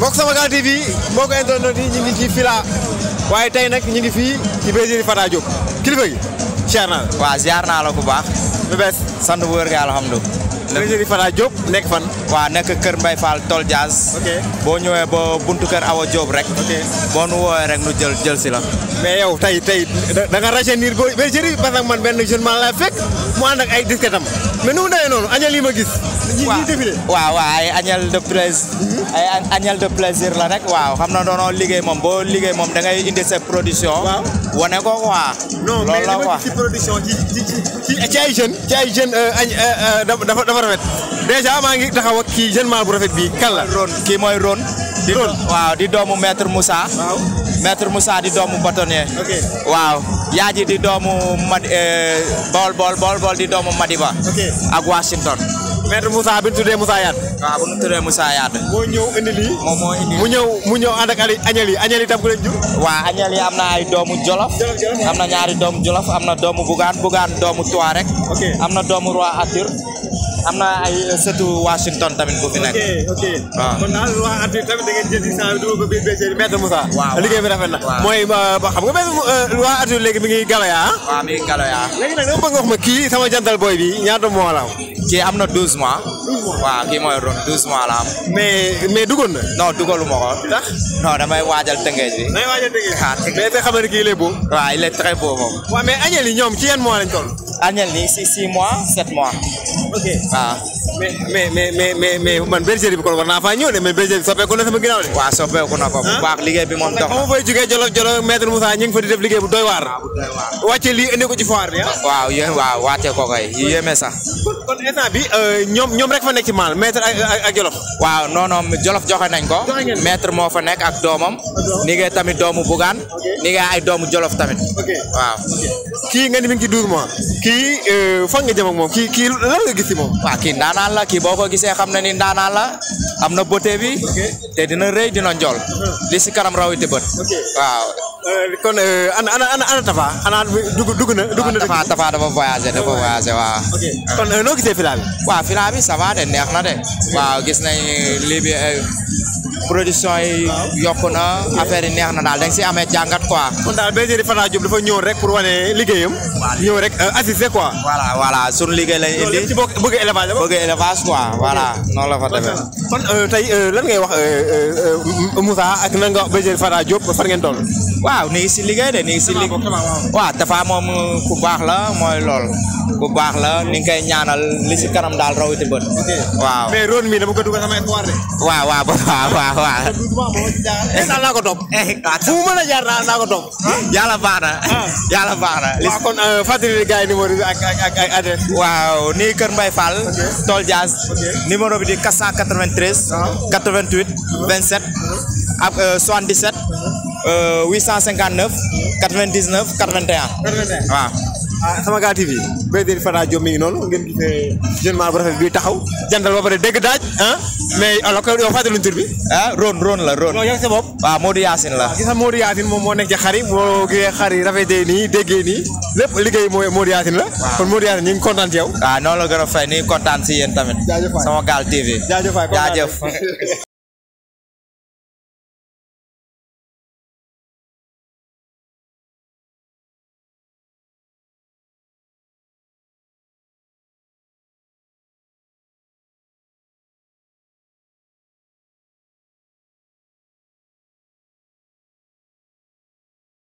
mbokk Samagal TV mbokk internet yi ñu ngi ci waaye tey nag ñu ngi fii ci bergerie Fata Diop kilifa gi ziar naa la. naa la bu baax. bu bees sant bu wér ga alhamdulilah. bergerie Fata Diop nekk fan. waaw nekk Kër Mbaye Fall Tol Diaz. boo ñëwee boo buntu kër Awa Diop rek. boo nu woowee rek nu jël jël si la. mais yow tey tey da nga rajeunir bergerie parce que man benn jeune man laa fekk mu ànd ak ay disketam mais nu mu noonu añal yi ma gis. Wow, waaw waaw ay agnelle de plaisir hmm? ay agnelle de plaisir la rek waaw xam na doonoo liggéey moom boo liggéey moom da ngay indi sa production wane ko quoi non mais dama ci production ci ci ay jeune eh, ci ay jeune euh, euh, euh, dafa dafa rafet déjà maa ngi taxaw ak kii jeune mal bu rafet bi kan la ron kii mooy ron di waaw di doomu maître Moussa maître Moussa di doomu bâtonnier waaw yaaji di doomu mad bool bool bool bool di doomu Madiba ak Washington maître Moussa bi ñu musa Moussa Yade. waaw bu ñu tuddee moo ñëw indi lii. moom moo indi mu ñëw mu ñëw ànd ak añel yi añel yi tam ku jur. waaw añel am na ay doomu Jolof. am na ñaari doomu Jolof am na doomu Bougane Bougane doomu Touareg. ok am na doom Roi Arthur. am na ay sëtu Washington tamit bu fi nekk. ok waaw ah. kon daal waa at bi tamit da ngeen jël si saa bi dugg ko biir BCD Maître Moussa. waaw liggéey bi rafet na. waaw mooy xam nga benn euh, waa at léegi mi ngi Galoya ah. waaw mi ngi Galoya. léegi nag dama bëgg nga wax ma kii sama jantal boy bi ñaata mois la am. kii am na 12 mois. 12 mois waaw kii mooy ron 12 mois la am. mais mais duggoon na. non duggalu ma ko. ndax non damay waajal tëngeej bi. damay waajal tëngeej bi. Ah, mais te xam nga ne kii il est beau. waaw il est très beau moom. waaw mais añeel yi ñoom ci yan mois lañ toll. agnel ah. ni six six mois sept mois. ok me mais mais mais mais mais man bergerie bi kon apa naa faa de mais bergerie bi soppeeku na sama ginnaaw de. waaw soppeeku na ko bu baax liggéey bi moom dox na. fay Jolof Jolof maître Moussa ñu fa di def liggéey bu doy war wàcce lii indi ko ci foire bi waaw yéen waaw wàcce ko kay sax. kon instant bi nyom nyom rek fa mal ci maal maître ak Jolof. non non Jolof joxe nañ ko. maître moo fa nekk ak doomam. ni ngay tamit doomu Bougane. ni Jolof tamit. kii nga ni mi ngi ci 12 mois kii euh, fan nga jëm moom kii kii nga gis moom. waaw kii ndaanaan la kii boo ko gisee xam na ni ndaanaan la am na beauté bi te dina rëy dina njool uh-huh. li si kanam bët waaw. Euh, kon euh, ana ana ana Tafa xanaa dugg dugg dafa voyagé dafa uh-huh. voyagé waaw. kon noo gisee filaa bi. waaw filaa de neex na de. waaw gis nañ lii production yi yokku na affaire yi neex na daal si amee jàngat quoi. kon daal dafa ñëw rek pour wane liggéeyam. ñëw rek euh, quoi. voilà voilà liggéey lañ indi. ci bëgg élevage bëgg élevage quoi voilà noonu la fa demee. kon euh, tey euh, lan ngay wax Moussa ak nan nga fan ngeen toll. waaw si liggéey de si liggéey waaw dafa moom ku baax la mooy lool ku baax la ni ñaanal li si kanam daal rawati bët waaw mais ron dama ko dugal sama de waaw waaw waaw waaw e nana ko topp fu mën a jaar naa ko topp yàlla baax na yàlla baax na li kon fàttali gars yi numéro bi ak ak ak adresse waaw nii Kër Mbaye Tol Diaz numéro bi di 493 27 ak 77 859 99 81 waaw ah Samagal TV béykat Fada Diop mi noonu ngeen gisee jeune bu rafet bi taxaw jantal ba pare dégg daaj ah mais alors que yow Ron ah, la Ron. yow yaa moo sa bopp. waaw Modou Yacine la. Ah, gis nga Modou Yacine moo nekk ci xar yi moo gisee xar yi nii déggee nii lépp liggéey moo Modou Yacine la. kon Modou Yacine ñu kontaan ci yow. waaw ah, noonu la gën a fay ñu ngi kontaan si yéen tamit. jaajëf waay Samagal TV. jaajëf